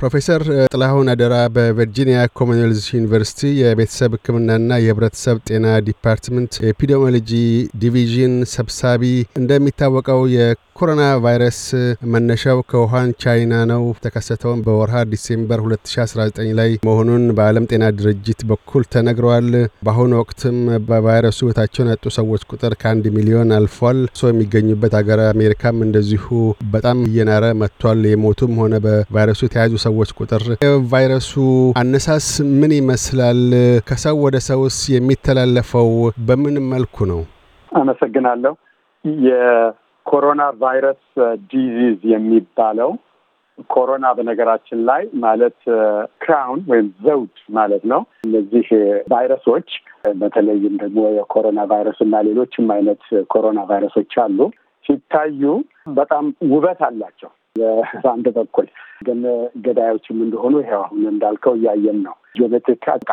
ፕሮፌሰር ጥላሁን አደራ በቨርጂኒያ ኮመንዌልዝ ዩኒቨርሲቲ የቤተሰብ ሕክምናና የህብረተሰብ ጤና ዲፓርትመንት ኤፒዲሚዮሎጂ ዲቪዥን ሰብሳቢ፣ እንደሚታወቀው የኮሮና ቫይረስ መነሻው ከውሃን ቻይና ነው። ተከሰተውን በወርሃ ዲሴምበር 2019 ላይ መሆኑን በዓለም ጤና ድርጅት በኩል ተነግረዋል። በአሁኑ ወቅትም በቫይረሱ ህይወታቸውን ያጡ ሰዎች ቁጥር ከአንድ ሚሊዮን አልፏል። ሰው የሚገኙበት ሀገር አሜሪካም እንደዚሁ በጣም እየናረ መጥቷል። የሞቱም ሆነ በቫይረሱ የተያዙ ሰዎች ቁጥር የቫይረሱ አነሳስ ምን ይመስላል? ከሰው ወደ ሰውስ የሚተላለፈው በምን መልኩ ነው? አመሰግናለሁ። የኮሮና ቫይረስ ዲዚዝ የሚባለው ኮሮና በነገራችን ላይ ማለት ክራውን ወይም ዘውድ ማለት ነው። እነዚህ ቫይረሶች በተለይም ደግሞ የኮሮና ቫይረስ እና ሌሎችም አይነት ኮሮና ቫይረሶች አሉ። ሲታዩ በጣም ውበት አላቸው። በአንድ በኩል ግን ገዳዮችም እንደሆኑ ይሄው አሁን እንዳልከው እያየን ነው። የቤት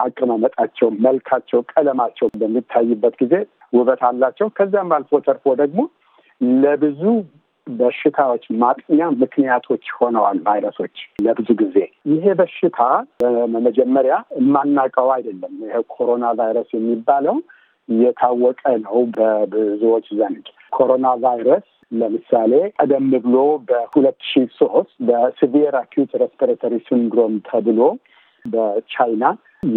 አቀማመጣቸው፣ መልካቸው፣ ቀለማቸው በሚታይበት ጊዜ ውበት አላቸው። ከዚያም አልፎ ተርፎ ደግሞ ለብዙ በሽታዎች ማጥኛ ምክንያቶች ሆነዋል። ቫይረሶች ለብዙ ጊዜ ይሄ በሽታ በመጀመሪያ የማናውቀው አይደለም። ይሄ ኮሮና ቫይረስ የሚባለው የታወቀ ነው በብዙዎች ዘንድ። ኮሮና ቫይረስ ለምሳሌ ቀደም ብሎ በሁለት ሺ ሶስት በሲቪየር አኪዩት ሬስፒሬተሪ ሲንድሮም ተብሎ በቻይና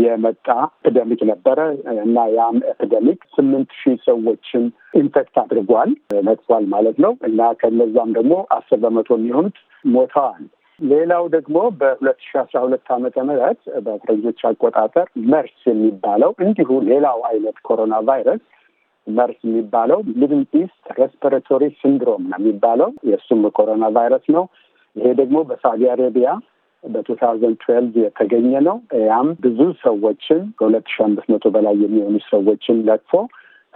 የመጣ ኤፒደሚክ ነበረ እና ያም ኤፒደሚክ ስምንት ሺህ ሰዎችን ኢንፌክት አድርጓል መጥቷል ማለት ነው። እና ከነዛም ደግሞ አስር በመቶ የሚሆኑት ሞተዋል። ሌላው ደግሞ በሁለት ሺ አስራ ሁለት ዓመተ ምህረት በፈረንጆች አቆጣጠር መርስ የሚባለው እንዲሁ ሌላው አይነት ኮሮና ቫይረስ መርስ የሚባለው ሚድል ኢስት ሬስፒራቶሪ ሲንድሮም ነው የሚባለው። የእሱም ኮሮና ቫይረስ ነው። ይሄ ደግሞ በሳውዲ አረቢያ በቱ ታውዘንድ ትዌልቭ የተገኘ ነው። ያም ብዙ ሰዎችን ከሁለት ሺ አምስት መቶ በላይ የሚሆኑ ሰዎችን ለቅፎ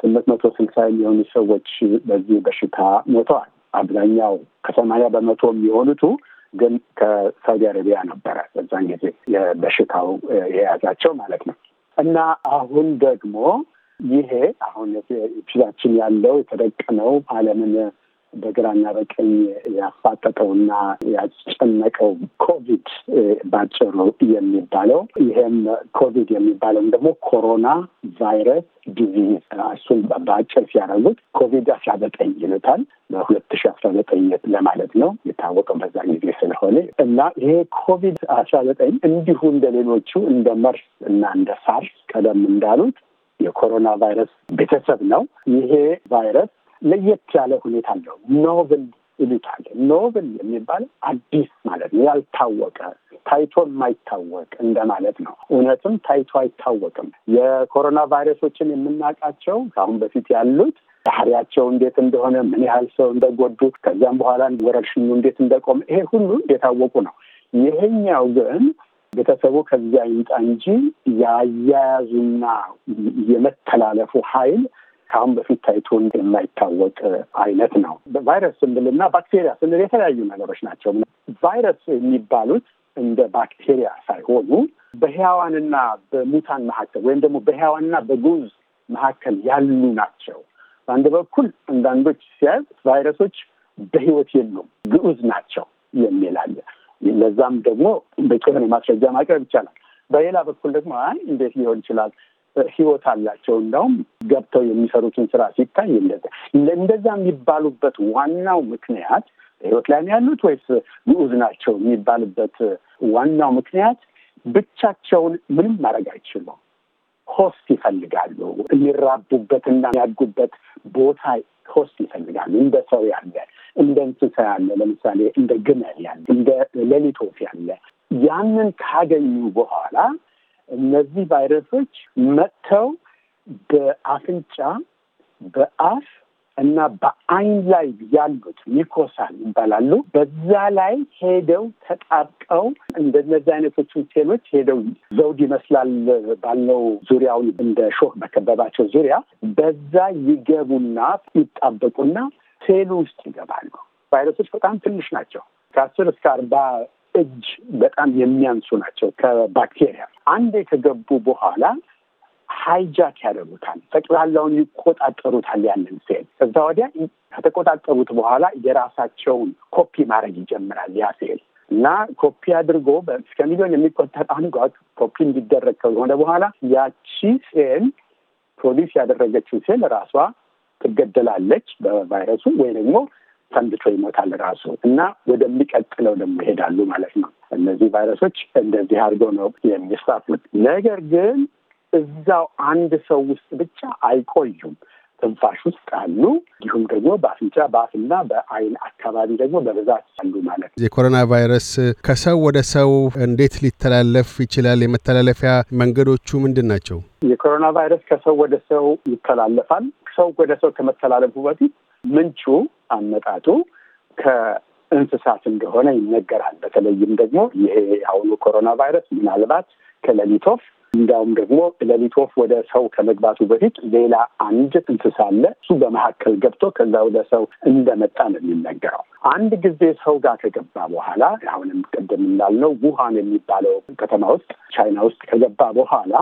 ስምንት መቶ ስልሳ የሚሆኑ ሰዎች በዚህ በሽታ ሞተዋል። አብዛኛው ከሰማንያ በመቶ የሚሆኑቱ ግን ከሳውዲ አረቢያ ነበረ በዛን ጊዜ በሽታው የያዛቸው ማለት ነው። እና አሁን ደግሞ ይሄ አሁን ፊታችን ያለው የተደቀነው ዓለምን በግራና በቀኝ ያፋጠጠውና ያስጨነቀው ኮቪድ ባጭሩ የሚባለው ይሄም ኮቪድ የሚባለውም ደግሞ ኮሮና ቫይረስ ዲዚዝ እሱን በአጭር ሲያደርጉት ኮቪድ አስራ ዘጠኝ ይሉታል። በሁለት ሺ አስራ ዘጠኝ ለማለት ነው የታወቀው በዛ ጊዜ ስለሆነ እና ይሄ ኮቪድ አስራ ዘጠኝ እንዲሁ እንደ ሌሎቹ እንደ መርስ እና እንደ ሳርስ ቀደም እንዳሉት የኮሮና ቫይረስ ቤተሰብ ነው። ይሄ ቫይረስ ለየት ያለ ሁኔታ አለው። ኖቭል ይሉታል። ኖቭል የሚባል አዲስ ማለት ነው። ያልታወቀ ታይቶ የማይታወቅ እንደማለት ነው። እውነትም ታይቶ አይታወቅም። የኮሮና ቫይረሶችን የምናውቃቸው ከአሁን በፊት ያሉት ባህሪያቸው እንዴት እንደሆነ፣ ምን ያህል ሰው እንደጎዱ፣ ከዚያም በኋላ ወረርሽኙ እንዴት እንደቆመ ይሄ ሁሉ እንደታወቁ ነው። ይሄኛው ግን ቤተሰቡ ከዚያ ይምጣ እንጂ የአያያዙና የመተላለፉ ኃይል ከአሁን በፊት ታይቶ የማይታወቅ አይነት ነው። ቫይረስ ስንልና ባክቴሪያ ስንል የተለያዩ ነገሮች ናቸው። ቫይረስ የሚባሉት እንደ ባክቴሪያ ሳይሆኑ በህያዋንና በሙታን መካከል ወይም ደግሞ በህያዋንና በግዑዝ መካከል ያሉ ናቸው። በአንድ በኩል አንዳንዶች ሲያዝ ቫይረሶች በህይወት የሉም ግዑዝ ናቸው የሚል ለዛም ደግሞ በቂ የሆነ ማስረጃ ማቅረብ ይቻላል። በሌላ በኩል ደግሞ አይ እንዴት ሊሆን ይችላል ህይወት አላቸው እንዳውም ገብተው የሚሰሩትን ስራ ሲታይ እንደዛ እንደዛ የሚባሉበት ዋናው ምክንያት ህይወት ላይ ነው ያሉት ወይስ ንዑዝ ናቸው የሚባልበት ዋናው ምክንያት ብቻቸውን ምንም ማድረግ አይችሉም። ሆስት ይፈልጋሉ። የሚራቡበትና የሚያድጉበት ቦታ ሆስት ይፈልጋሉ። እንደ ሰው ያለ እንደ እንስሳ ያለ ለምሳሌ እንደ ግመል ያለ እንደ ሌሊት ወፍ ያለ ያንን ካገኙ በኋላ እነዚህ ቫይረሶች መጥተው በአፍንጫ፣ በአፍ እና በአይን ላይ ያሉት ሚኮሳል ይባላሉ። በዛ ላይ ሄደው ተጣብቀው እንደነዚህ አይነቶቹን ሴሎች ሄደው ዘውድ ይመስላል ባለው ዙሪያውን እንደ ሾህ በከበባቸው ዙሪያ በዛ ይገቡና ይጣበቁና ሴል ውስጥ ይገባሉ። ቫይረሶች በጣም ትንሽ ናቸው። ከአስር እስከ አርባ እጅ በጣም የሚያንሱ ናቸው ከባክቴሪያ። አንዴ ከገቡ በኋላ ሃይጃክ ያደርጉታል። ጠቅላላውን ይቆጣጠሩታል ያንን ሴል። ከዛ ወዲያ ከተቆጣጠሩት በኋላ የራሳቸውን ኮፒ ማድረግ ይጀምራል ያ ሴል እና ኮፒ አድርጎ እስከ ሚሊዮን የሚቆጠር አንጓት ኮፒ እንዲደረግ ከሆነ በኋላ ያቺ ሴል ፕሮዲስ ያደረገችው ሴል ራሷ ትገደላለች በቫይረሱ ወይ ደግሞ ፈንድቶ ይሞታል ራሱ እና ወደሚቀጥለው ደግሞ ይሄዳሉ ማለት ነው። እነዚህ ቫይረሶች እንደዚህ አድርገው ነው የሚስፋፉት። ነገር ግን እዛው አንድ ሰው ውስጥ ብቻ አይቆዩም። ትንፋሽ ውስጥ አሉ፣ እንዲሁም ደግሞ በአፍንጫ በአፍና በአይን አካባቢ ደግሞ በብዛት አሉ ማለት ነው። የኮሮና ቫይረስ ከሰው ወደ ሰው እንዴት ሊተላለፍ ይችላል? የመተላለፊያ መንገዶቹ ምንድን ናቸው? የኮሮና ቫይረስ ከሰው ወደ ሰው ይተላለፋል። ሰው ወደ ሰው ከመተላለፉ በፊት ምንጩ አመጣቱ ከእንስሳት እንደሆነ ይነገራል። በተለይም ደግሞ ይሄ አሁኑ ኮሮና ቫይረስ ምናልባት ከሌሊት ወፍ እንዲያውም ደግሞ ሌሊት ወፍ ወደ ሰው ከመግባቱ በፊት ሌላ አንድ እንስሳ አለ። እሱ በመካከል ገብቶ ከዛ ወደ ሰው እንደመጣ ነው የሚነገረው። አንድ ጊዜ ሰው ጋር ከገባ በኋላ አሁንም ቅድም እንዳልነው ውሃን የሚባለው ከተማ ውስጥ ቻይና ውስጥ ከገባ በኋላ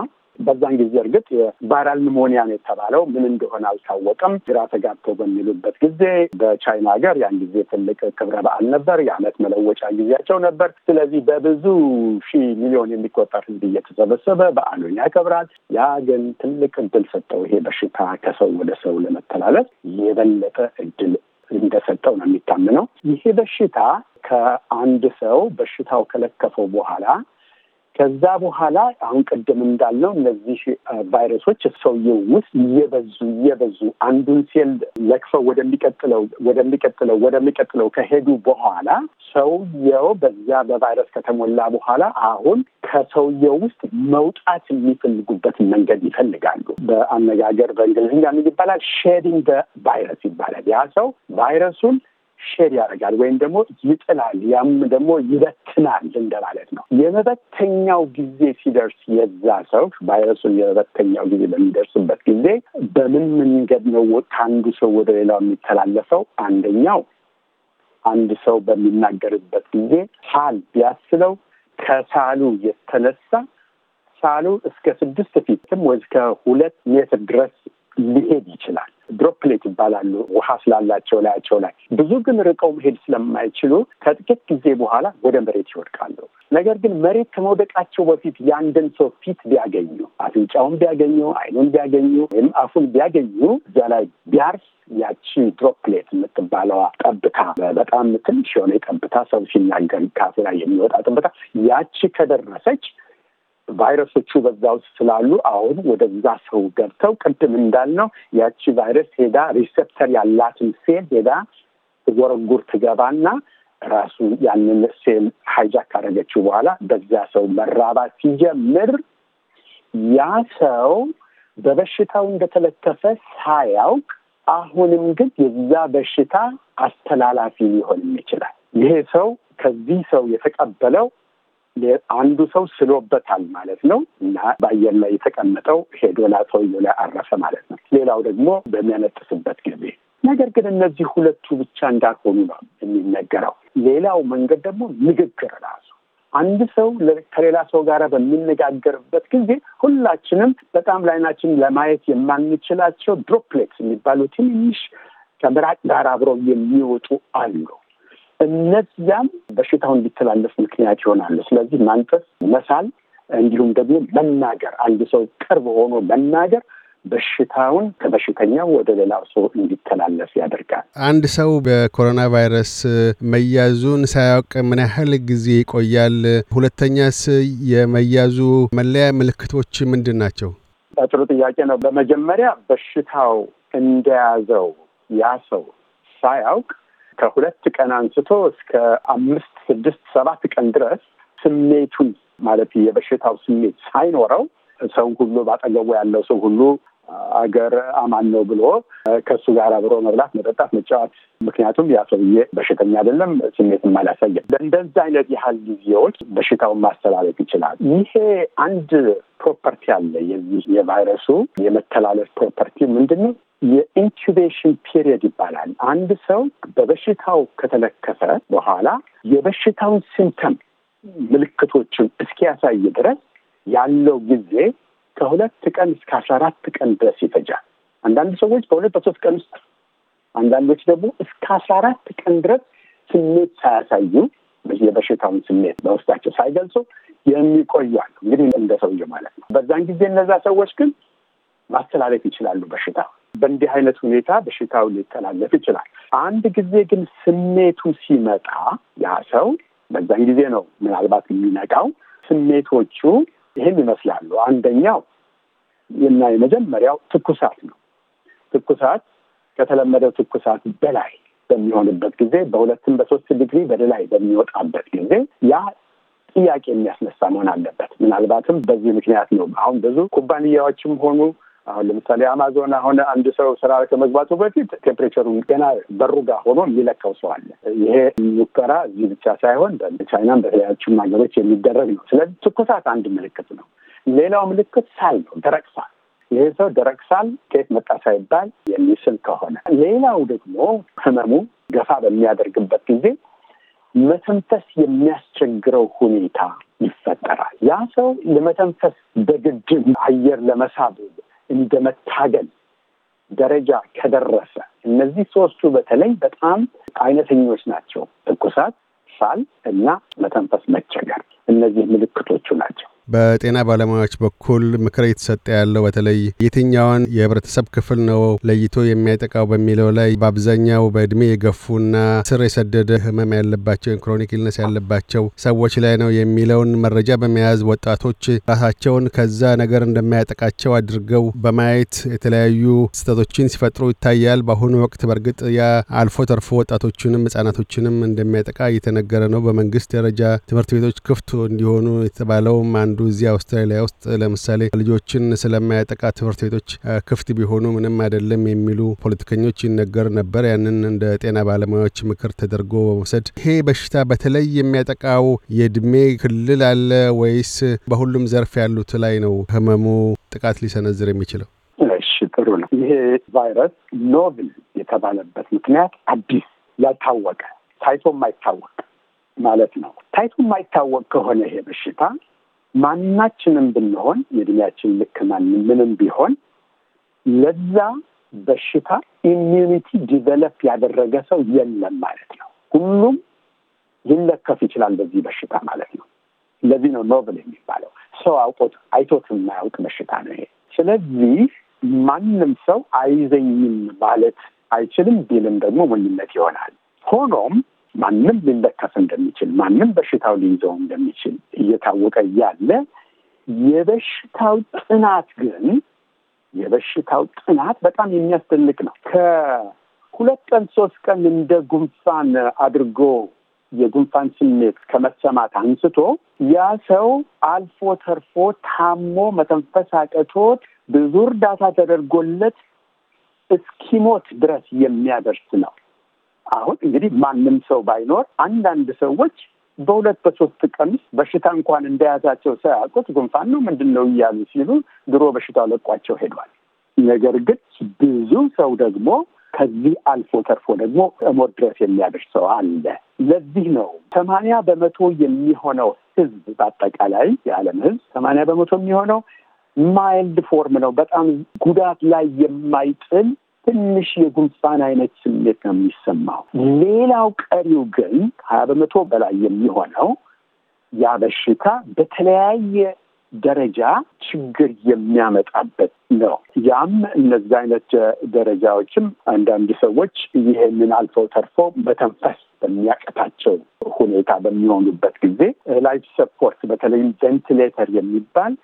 በዛን ጊዜ እርግጥ የቫይራል ኒሞኒያ ነው የተባለው ምን እንደሆነ አልታወቀም። ግራ ተጋብቶ በሚሉበት ጊዜ በቻይና ሀገር ያን ጊዜ ትልቅ ክብረ በዓል ነበር፣ የዓመት መለወጫ ጊዜያቸው ነበር። ስለዚህ በብዙ ሺህ ሚሊዮን የሚቆጠር ሕዝብ እየተሰበሰበ በዓሉን ያከብራል። ያ ግን ትልቅ እድል ሰጠው። ይሄ በሽታ ከሰው ወደ ሰው ለመተላለፍ የበለጠ እድል እንደሰጠው ነው የሚታምነው። ይሄ በሽታ ከአንድ ሰው በሽታው ከለከፈው በኋላ ከዛ በኋላ አሁን ቅድም እንዳልነው እነዚህ ቫይረሶች ሰውየው ውስጥ እየበዙ እየበዙ አንዱን ሴል ለክፈው ወደሚቀጥለው ወደሚቀጥለው ወደሚቀጥለው ከሄዱ በኋላ ሰውየው በዛ በቫይረስ ከተሞላ በኋላ አሁን ከሰውየው ውስጥ መውጣት የሚፈልጉበትን መንገድ ይፈልጋሉ። በአነጋገር በእንግሊዝኛ ይባላል? ሼዲንግ ቫይረስ ይባላል። ያ ሰው ቫይረሱን ሼድ ያደርጋል ወይም ደግሞ ይጥላል፣ ያም ደግሞ ይበትናል እንደማለት ነው። የመበተኛው ጊዜ ሲደርስ የዛ ሰው ቫይረሱን የመበተኛው ጊዜ በሚደርስበት ጊዜ በምን መንገድ ነው ከአንዱ ሰው ወደ ሌላው የሚተላለፈው? አንደኛው አንድ ሰው በሚናገርበት ጊዜ ሳል ቢያስለው ከሳሉ የተነሳ ሳሉ እስከ ስድስት ፊትም ወይ እስከ ሁለት ሜትር ድረስ ሊሄድ ይችላል። ድሮፕሌት ይባላሉ። ውሃ ስላላቸው ላያቸው ላይ ብዙ ግን ርቀው መሄድ ስለማይችሉ ከጥቂት ጊዜ በኋላ ወደ መሬት ይወድቃሉ። ነገር ግን መሬት ከመውደቃቸው በፊት የአንድን ሰው ፊት ቢያገኙ፣ አፍንጫውን ቢያገኙ፣ አይኑን ቢያገኙ ወይም አፉን ቢያገኙ እዚያ ላይ ቢያርስ ያቺ ድሮፕሌት የምትባለዋ ጠብታ በጣም ትንሽ የሆነ ጠብታ ሰው ሲናገር ካፉ ላይ የሚወጣ ጠብታ ያቺ ከደረሰች ቫይረሶቹ በዛ ውስጥ ስላሉ አሁን ወደዛ ሰው ገብተው ቅድም እንዳልነው ያቺ ቫይረስ ሄዳ ሪሴፕተር ያላትን ሴል ሄዳ ትጎረጉር ትገባና ራሱ ያንን ሴል ሀይጃክ ካደረገችው በኋላ በዛ ሰው መራባት ሲጀምር ያ ሰው በበሽታው እንደተለከፈ ሳያውቅ አሁንም ግን የዛ በሽታ አስተላላፊ ሊሆንም ይችላል። ይሄ ሰው ከዚህ ሰው የተቀበለው አንዱ ሰው ስሎበታል ማለት ነው እና በአየር ላይ የተቀመጠው ሄዶላ ሰውዬው ላይ አረፈ ማለት ነው። ሌላው ደግሞ በሚያነጥስበት ጊዜ ነገር ግን እነዚህ ሁለቱ ብቻ እንዳልሆኑ ነው የሚነገረው። ሌላው መንገድ ደግሞ ንግግር ራሱ አንድ ሰው ከሌላ ሰው ጋር በሚነጋገርበት ጊዜ ሁላችንም በጣም ላይናችን ለማየት የማንችላቸው ድሮፕሌትስ የሚባሉ ትንንሽ ከምራቅ ጋር አብረው የሚወጡ አሉ። እነዚያም በሽታው እንዲተላለፍ ምክንያት ይሆናሉ። ስለዚህ ማንጠስ፣ መሳል እንዲሁም ደግሞ መናገር፣ አንድ ሰው ቅርብ ሆኖ መናገር በሽታውን ከበሽተኛው ወደ ሌላው ሰው እንዲተላለፍ ያደርጋል። አንድ ሰው በኮሮና ቫይረስ መያዙን ሳያውቅ ምን ያህል ጊዜ ይቆያል? ሁለተኛስ የመያዙ መለያ ምልክቶች ምንድን ናቸው? ጥሩ ጥያቄ ነው። በመጀመሪያ በሽታው እንደያዘው ያ ሰው ሳያውቅ ከሁለት ቀን አንስቶ እስከ አምስት ስድስት ሰባት ቀን ድረስ ስሜቱን ማለት የበሽታው ስሜት ሳይኖረው ሰው ሁሉ ባጠገቡ ያለው ሰው ሁሉ አገር አማን ነው ብሎ ከእሱ ጋር አብሮ መብላት፣ መጠጣት፣ መጫወት ምክንያቱም ያ ሰውዬ በሽተኛ አይደለም፣ ስሜትም አላሳየም። እንደዚህ አይነት ያህል ጊዜዎች በሽታውን ማስተላለፍ ይችላል። ይሄ አንድ ፕሮፐርቲ አለ የዚህ የቫይረሱ የመተላለፍ ፕሮፐርቲ ምንድን ነው? የኢንኩቤሽን ፔሪየድ ይባላል። አንድ ሰው በበሽታው ከተለከፈ በኋላ የበሽታውን ሲምተም ምልክቶችን እስኪያሳይ ድረስ ያለው ጊዜ ከሁለት ቀን እስከ አስራ አራት ቀን ድረስ ይፈጃል። አንዳንድ ሰዎች በሁለት በሶስት ቀን ውስጥ፣ አንዳንዶች ደግሞ እስከ አስራ አራት ቀን ድረስ ስሜት ሳያሳዩ የበሽታውን ስሜት በውስጣቸው ሳይገልጹ የሚቆዩ እንግዲህ እንደ ሰውዬ ማለት ነው። በዛን ጊዜ እነዛ ሰዎች ግን ማስተላለፍ ይችላሉ በሽታው በእንዲህ አይነት ሁኔታ በሽታው ሊተላለፍ ይችላል። አንድ ጊዜ ግን ስሜቱ ሲመጣ ያ ሰው በዛን ጊዜ ነው ምናልባት የሚነቃው። ስሜቶቹ ይህን ይመስላሉ። አንደኛው እና የመጀመሪያው ትኩሳት ነው። ትኩሳት ከተለመደው ትኩሳት በላይ በሚሆንበት ጊዜ በሁለትም በሶስት ዲግሪ በላይ በሚወጣበት ጊዜ ያ ጥያቄ የሚያስነሳ መሆን አለበት። ምናልባትም በዚህ ምክንያት ነው አሁን ብዙ ኩባንያዎችም ሆኑ አሁን ለምሳሌ አማዞን አሁን አንድ ሰው ስራ ከመግባቱ በፊት ቴምፕሬቸሩን ገና በሩ ጋር ሆኖ የሚለካው ሰው አለ። ይሄ ሙከራ እዚህ ብቻ ሳይሆን በቻይናም በተለያዩም ሀገሮች የሚደረግ ነው። ስለዚህ ትኩሳት አንድ ምልክት ነው። ሌላው ምልክት ሳል ነው፣ ደረቅ ሳል። ይሄ ሰው ደረቅ ሳል ከየት መጣ ሳይባል የሚስል ከሆነ፣ ሌላው ደግሞ ህመሙ ገፋ በሚያደርግበት ጊዜ መተንፈስ የሚያስቸግረው ሁኔታ ይፈጠራል። ያ ሰው ለመተንፈስ በግድ አየር ለመሳብ እንደ መታገል ደረጃ ከደረሰ እነዚህ ሶስቱ በተለይ በጣም አይነተኞች ናቸው። ትኩሳት፣ ሳል እና መተንፈስ መቸገር እነዚህ ምልክቶቹ ናቸው። በጤና ባለሙያዎች በኩል ምክር እየተሰጠ ያለው በተለይ የትኛውን የህብረተሰብ ክፍል ነው ለይቶ የሚያጠቃው በሚለው ላይ በአብዛኛው በእድሜ የገፉና ስር የሰደደ ህመም ያለባቸው ክሮኒክ ኢልነስ ያለባቸው ሰዎች ላይ ነው የሚለውን መረጃ በመያዝ ወጣቶች ራሳቸውን ከዛ ነገር እንደማያጠቃቸው አድርገው በማየት የተለያዩ ስህተቶችን ሲፈጥሩ ይታያል። በአሁኑ ወቅት በእርግጥ ያ አልፎ ተርፎ ወጣቶችንም ህጻናቶችንም እንደሚያጠቃ እየተነገረ ነው። በመንግስት ደረጃ ትምህርት ቤቶች ክፍት እንዲሆኑ የተባለውም አንዱ እዚህ አውስትራሊያ ውስጥ ለምሳሌ ልጆችን ስለማያጠቃ ትምህርት ቤቶች ክፍት ቢሆኑ ምንም አይደለም የሚሉ ፖለቲከኞች ይነገር ነበር። ያንን እንደ ጤና ባለሙያዎች ምክር ተደርጎ በመውሰድ ይሄ በሽታ በተለይ የሚያጠቃው የእድሜ ክልል አለ ወይስ በሁሉም ዘርፍ ያሉት ላይ ነው ህመሙ ጥቃት ሊሰነዝር የሚችለው? እሺ ጥሩ ነው። ይሄ ቫይረስ ኖብል የተባለበት ምክንያት አዲስ ያልታወቀ ታይቶ የማይታወቅ ማለት ነው። ታይቶ የማይታወቅ ከሆነ ይሄ በሽታ ማናችንም ብንሆን የእድሜያችን ልክ ማን ምንም ቢሆን ለዛ በሽታ ኢሚዩኒቲ ዲቨሎፕ ያደረገ ሰው የለም ማለት ነው። ሁሉም ሊለከፍ ይችላል በዚህ በሽታ ማለት ነው። ለዚህ ነው ኖብል የሚባለው። ሰው አውቆት አይቶት የማያውቅ በሽታ ነው ይሄ። ስለዚህ ማንም ሰው አይዘኝም ማለት አይችልም ቢልም ደግሞ ሞኝነት ይሆናል። ሆኖም ማንም ሊለከፍ እንደሚችል ማንም በሽታው ሊይዘው እንደሚችል እየታወቀ እያለ የበሽታው ጥናት ግን የበሽታው ጥናት በጣም የሚያስደንቅ ነው። ከሁለት ቀን ሶስት ቀን እንደ ጉንፋን አድርጎ የጉንፋን ስሜት ከመሰማት አንስቶ ያ ሰው አልፎ ተርፎ ታሞ መተንፈስ አቅቶት ብዙ እርዳታ ተደርጎለት እስኪሞት ድረስ የሚያደርስ ነው። አሁን እንግዲህ ማንም ሰው ባይኖር አንዳንድ ሰዎች በሁለት በሶስት ቀን ውስጥ በሽታ እንኳን እንደያዛቸው ሳያውቁት ጉንፋን ነው ምንድን ነው እያሉ ሲሉ ድሮ በሽታው ለቋቸው ሄዷል። ነገር ግን ብዙ ሰው ደግሞ ከዚህ አልፎ ተርፎ ደግሞ ሞት ድረስ ሰው አለ። ለዚህ ነው ሰማንያ በመቶ የሚሆነው ህዝብ በአጠቃላይ የዓለም ህዝብ ሰማንያ በመቶ የሚሆነው ማይልድ ፎርም ነው በጣም ጉዳት ላይ የማይጥል ትንሽ የጉንፋን አይነት ስሜት ነው የሚሰማው። ሌላው ቀሪው ግን ሀያ በመቶ በላይ የሚሆነው ያ በሽታ በተለያየ ደረጃ ችግር የሚያመጣበት ነው። ያም እነዚህ አይነት ደረጃዎችም አንዳንድ ሰዎች ይህንን አልፈው ተርፈው መተንፈስ በሚያቀታቸው ሁኔታ በሚሆኑበት ጊዜ ላይፍ ሰፖርት በተለይም ቬንቲሌተር የሚባል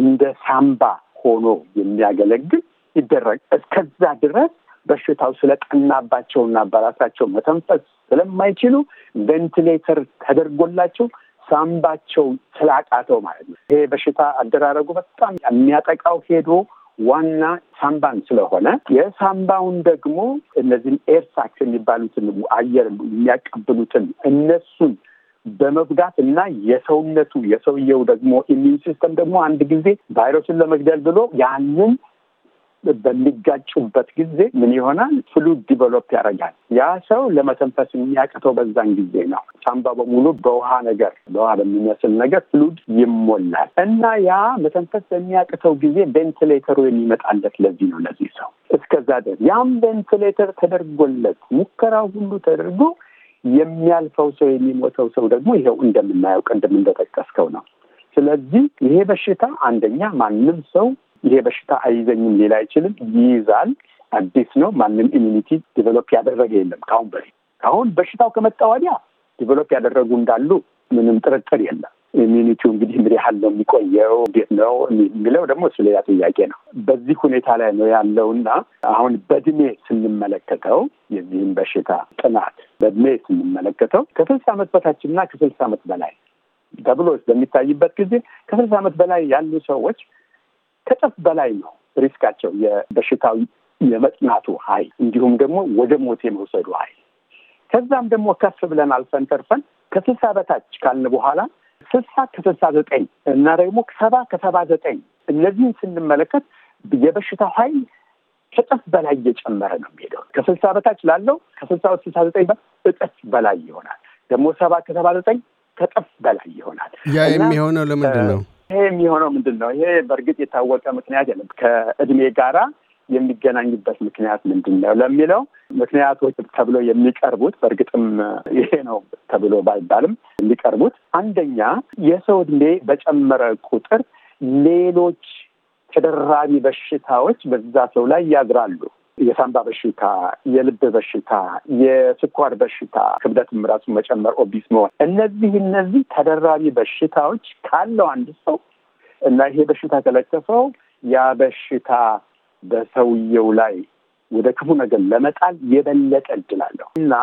እንደ ሳምባ ሆኖ የሚያገለግል ይደረግ እስከዛ ድረስ በሽታው ስለጠናባቸውና በራሳቸው መተንፈስ ስለማይችሉ ቬንቲሌተር ተደርጎላቸው ሳምባቸው ስላቃተው ማለት ነው። ይሄ በሽታ አደራረጉ በጣም የሚያጠቃው ሄዶ ዋና ሳምባን ስለሆነ የሳምባውን ደግሞ እነዚህን ኤርሳክስ የሚባሉትን አየር የሚያቀብሉትን እነሱን በመጉዳት እና የሰውነቱ የሰውየው ደግሞ ኢሚዩን ሲስተም ደግሞ አንድ ጊዜ ቫይረሱን ለመግደል ብሎ ያንን በሚጋጩበት ጊዜ ምን ይሆናል? ፍሉድ ዲቨሎፕ ያደርጋል። ያ ሰው ለመተንፈስ የሚያቅተው በዛን ጊዜ ነው። ሳምባ በሙሉ በውሃ ነገር በውሃ በሚመስል ነገር ፍሉድ ይሞላል እና ያ መተንፈስ በሚያቅተው ጊዜ ቬንትሌተሩ የሚመጣለት ለዚህ ነው። ለዚህ ሰው እስከዛ ድረስ ያም ቬንትሌተር ተደርጎለት ሙከራው ሁሉ ተደርጎ የሚያልፈው ሰው የሚሞተው ሰው ደግሞ ይኸው እንደምናየው ቅድም እንደጠቀስከው ነው። ስለዚህ ይሄ በሽታ አንደኛ ማንም ሰው ይሄ በሽታ አይይዘኝም ሌላ አይችልም፣ ይይዛል። አዲስ ነው። ማንም ኢሚኒቲ ዲቨሎፕ ያደረገ የለም ከአሁን በፊት። አሁን በሽታው ከመጣ ወዲያ ዲቨሎፕ ያደረጉ እንዳሉ ምንም ጥርጥር የለም። ኢሚኒቲው እንግዲህ ምን ያህል ነው የሚቆየው፣ እንዴት ነው የሚለው ደግሞ እሱ ሌላ ጥያቄ ነው። በዚህ ሁኔታ ላይ ነው ያለውና አሁን በድሜ ስንመለከተው የዚህም በሽታ ጥናት በድሜ ስንመለከተው ከስልሳ ዓመት በታችና ከስልሳ ዓመት በላይ ተብሎ በሚታይበት ጊዜ ከስልሳ ዓመት በላይ ያሉ ሰዎች ከጠፍ በላይ ነው ሪስካቸው የበሽታው የመጽናቱ ኃይል እንዲሁም ደግሞ ወደ ሞት የመውሰዱ ኃይል ከዛም ደግሞ ከፍ ብለን አልፈን ተርፈን ከስልሳ በታች ካልን በኋላ ስልሳ ከስልሳ ዘጠኝ እና ደግሞ ሰባ ከሰባ ዘጠኝ እነዚህን ስንመለከት የበሽታው ኃይል ከእጥፍ በላይ እየጨመረ ነው የሚሄደው። ከስልሳ በታች ላለው ከስልሳ ስልሳ ዘጠኝ እጥፍ በላይ ይሆናል። ደግሞ ሰባ ከሰባ ዘጠኝ ከእጥፍ በላይ ይሆናል። ያ የሚሆነው ለምንድን ነው? ይሄ የሚሆነው ምንድን ነው? ይሄ በእርግጥ የታወቀ ምክንያት የለም። ከእድሜ ጋራ የሚገናኝበት ምክንያት ምንድን ነው ለሚለው ምክንያቶች ተብሎ የሚቀርቡት በእርግጥም ይሄ ነው ተብሎ ባይባልም የሚቀርቡት አንደኛ የሰው እድሜ በጨመረ ቁጥር ሌሎች ተደራቢ በሽታዎች በዛ ሰው ላይ ያድራሉ። የሳምባ በሽታ፣ የልብ በሽታ፣ የስኳር በሽታ፣ ክብደትም ራሱ መጨመር ኦቢስ መሆን፣ እነዚህ እነዚህ ተደራቢ በሽታዎች ካለው አንድ ሰው እና ይሄ በሽታ ከለከፈው ያ በሽታ በሰውየው ላይ ወደ ክፉ ነገር ለመጣል የበለጠ እድላለሁ እና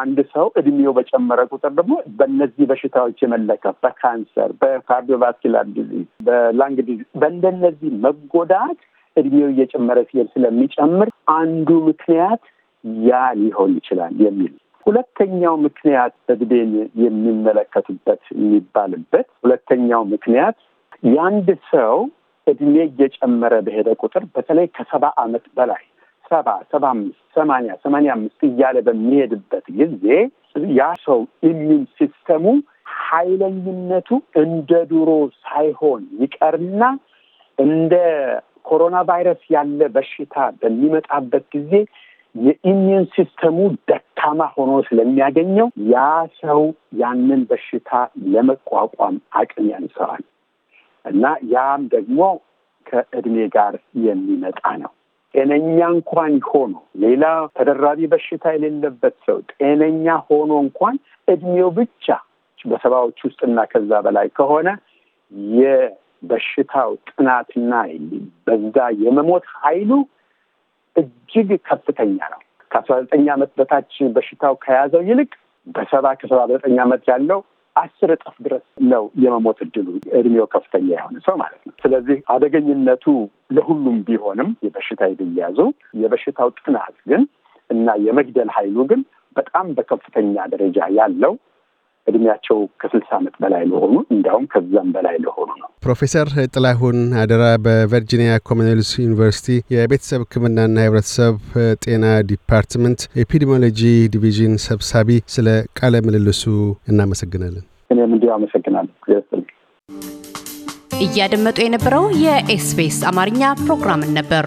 አንድ ሰው እድሜው በጨመረ ቁጥር ደግሞ በእነዚህ በሽታዎች የመለከፍ በካንሰር፣ በካርዲዮቫስኪላር ዲዚዝ፣ በላንግ ዲዚዝ በእንደነዚህ መጎዳት እድሜው እየጨመረ ሲሄድ ስለሚጨምር አንዱ ምክንያት ያ ሊሆን ይችላል የሚል ሁለተኛው ምክንያት እድሜን የሚመለከቱበት የሚባልበት ሁለተኛው ምክንያት የአንድ ሰው እድሜ እየጨመረ በሄደ ቁጥር በተለይ ከሰባ ዓመት በላይ ሰባ ሰባ አምስት ሰማኒያ ሰማኒያ አምስት እያለ በሚሄድበት ጊዜ ያ ሰው ኢሚን ሲስተሙ ኃይለኝነቱ እንደ ድሮ ሳይሆን ይቀርና እንደ ኮሮና ቫይረስ ያለ በሽታ በሚመጣበት ጊዜ የኢሚዩን ሲስተሙ ደካማ ሆኖ ስለሚያገኘው ያ ሰው ያንን በሽታ ለመቋቋም አቅም ያንሰዋል እና ያም ደግሞ ከእድሜ ጋር የሚመጣ ነው። ጤነኛ እንኳን ሆኖ ሌላ ተደራቢ በሽታ የሌለበት ሰው ጤነኛ ሆኖ እንኳን እድሜው ብቻ በሰባዎች ውስጥና ከዛ በላይ ከሆነ በሽታው ጥናትና በዛ የመሞት ኃይሉ እጅግ ከፍተኛ ነው። ከአስራ ዘጠኝ ዓመት በታች በሽታው ከያዘው ይልቅ በሰባ ከሰባ ዘጠኝ ዓመት ያለው አስር እጥፍ ድረስ ነው የመሞት እድሉ እድሜው ከፍተኛ የሆነ ሰው ማለት ነው። ስለዚህ አደገኝነቱ ለሁሉም ቢሆንም የበሽታ ብያዙ የበሽታው ጥናት ግን እና የመግደል ኃይሉ ግን በጣም በከፍተኛ ደረጃ ያለው እድሜያቸው ከስልሳ ዓመት በላይ ለሆኑ እንዲያውም ከዛም በላይ ለሆኑ ነው። ፕሮፌሰር ጥላሁን አደራ በቨርጂኒያ ኮመንዌልዝ ዩኒቨርሲቲ የቤተሰብ ሕክምናና የህብረተሰብ ጤና ዲፓርትመንት ኤፒዲሚዮሎጂ ዲቪዥን ሰብሳቢ፣ ስለ ቃለ ምልልሱ እናመሰግናለን። እኔም እንዲሁ አመሰግናለሁ። እያደመጡ የነበረው የኤስፔስ አማርኛ ፕሮግራምን ነበር።